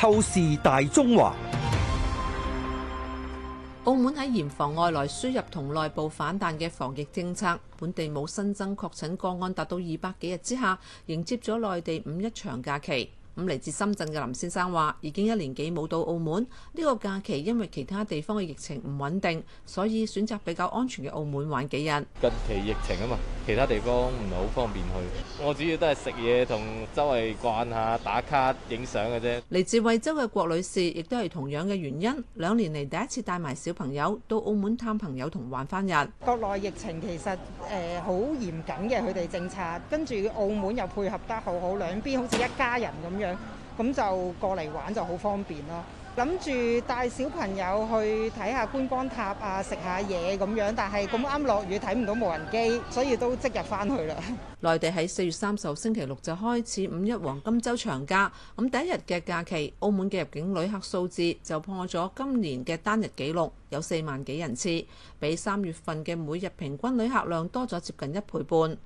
透視大中華，澳門喺嚴防外來輸入同內部反彈嘅防疫政策，本地冇新增確診個案，達到二百幾日之下，迎接咗內地五一長假期。咁嚟自深圳嘅林先生話，已經一年幾冇到澳門，呢個假期因為其他地方嘅疫情唔穩定，所以選擇比較安全嘅澳門玩幾日。近期疫情啊嘛，其他地方唔係好方便去。我主要都係食嘢同周圍逛下、打卡、影相嘅啫。嚟自惠州嘅郭女士亦都係同樣嘅原因，兩年嚟第一次帶埋小朋友到澳門探朋友同玩翻日。國內疫情其實誒好嚴謹嘅，佢哋政策跟住澳門又配合得好好，兩邊好似一家人咁樣。咁就過嚟玩就好方便咯，諗住帶小朋友去睇下觀光塔啊，食下嘢咁樣，但係咁啱落雨睇唔到無人機，所以都即日返去啦。內地喺四月三十號星期六就開始五一黃金週長假，咁第一日嘅假期，澳門嘅入境旅客數字就破咗今年嘅單日紀錄，有四萬幾人次，比三月份嘅每日平均旅客量多咗接近一倍半。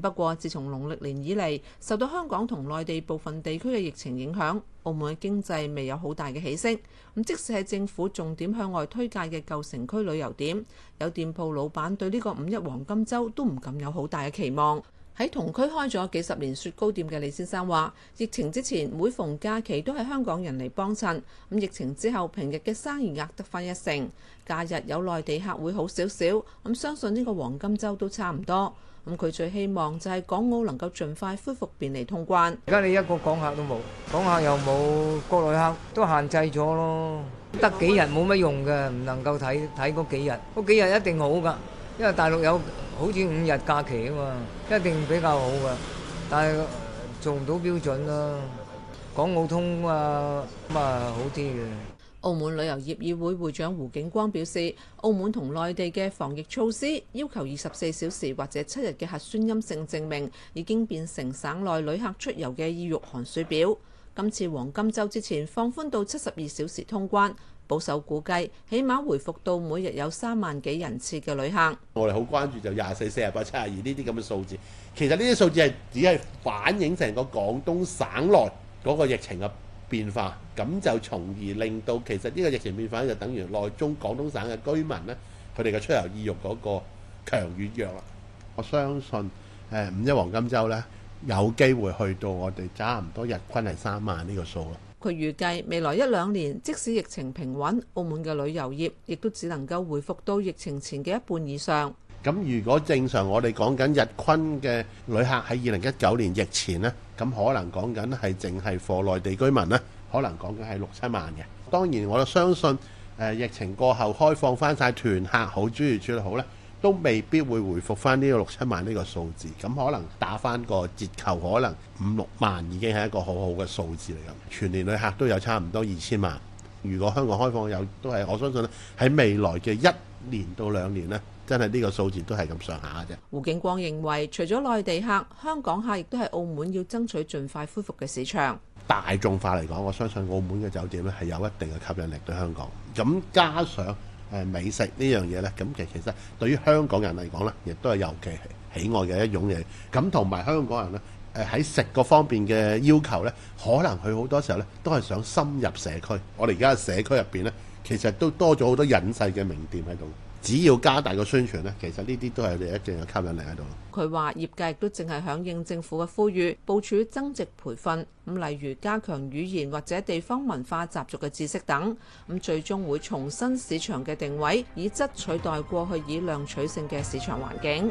不過，自從農曆年以嚟，受到香港同內地部分地區嘅疫情影響，澳門嘅經濟未有好大嘅起色。咁即使係政府重點向外推介嘅舊城區旅遊點，有店舖老闆對呢個五一黃金周都唔敢有好大嘅期望。喺同區開咗幾十年雪糕店嘅李先生話：疫情之前每逢假期都係香港人嚟幫襯，咁疫情之後平日嘅生意額得翻一成，假日有內地客會好少少，咁相信呢個黃金周都差唔多。咁佢最希望就係港澳能夠盡快恢復便利通關。而家你一個港客都冇，港客又冇，國內客都限制咗咯，得幾日冇乜用嘅，唔能夠睇睇嗰幾日，嗰幾日一定好㗎。因為大陸有好似五日假期啊嘛，一定比較好噶，但係做唔到標準啦、啊。港澳通啊咁啊好啲嘅。澳門旅遊業議會會長胡景光表示，澳門同內地嘅防疫措施要求二十四小時或者七日嘅核酸陰性證明，已經變成省內旅客出遊嘅意欲寒暑表。今次黃金週之前放寬到七十二小時通關，保守估計起碼回復到每日有三萬幾人次嘅旅客。我哋好關注就廿四、四十八、七十二呢啲咁嘅數字，其實呢啲數字係只係反映成個廣東省內嗰個疫情嘅變化，咁就從而令到其實呢個疫情變化就等於內中廣東省嘅居民呢，佢哋嘅出遊意欲嗰個強與弱啦。我相信誒五一黃金週呢。有機會去到我哋差唔多日均係三萬呢個數咯。佢預計未來一兩年，即使疫情平穩，澳門嘅旅遊業亦都只能夠回復到疫情前嘅一半以上。咁如果正常，我哋講緊日均嘅旅客喺二零一九年疫前呢，咁可能講緊係淨係訪內地居民呢，可能講緊係六七萬嘅。當然，我相信誒疫情過後開放翻晒團客好，主好注意處理好呢。都未必會回覆翻呢個六七萬呢個數字，咁可能打翻個折扣，可能五六萬已經係一個好好嘅數字嚟㗎。全年旅客都有差唔多二千萬。如果香港開放有，都係我相信咧，喺未來嘅一年到兩年呢，真係呢個數字都係咁上下㗎啫。胡景光認為，除咗內地客，香港客亦都係澳門要爭取盡快恢復嘅市場。大眾化嚟講，我相信澳門嘅酒店呢，係有一定嘅吸引力對香港，咁加上。誒美食呢樣嘢呢，咁其其實，對於香港人嚟講呢，亦都係尤其係喜愛嘅一種嘢。咁同埋香港人呢，喺食個方面嘅要求呢，可能佢好多時候呢都係想深入社區。我哋而家社區入邊呢，其實都多咗好多隱世嘅名店喺度。只要加大個宣傳咧，其實呢啲都係你一定嘅吸引力喺度。佢話業界亦都正係響應政府嘅呼籲部署增值培訓，咁例如加強語言或者地方文化習俗嘅知識等，咁最終會重新市場嘅定位，以質取代過去以量取勝嘅市場環境。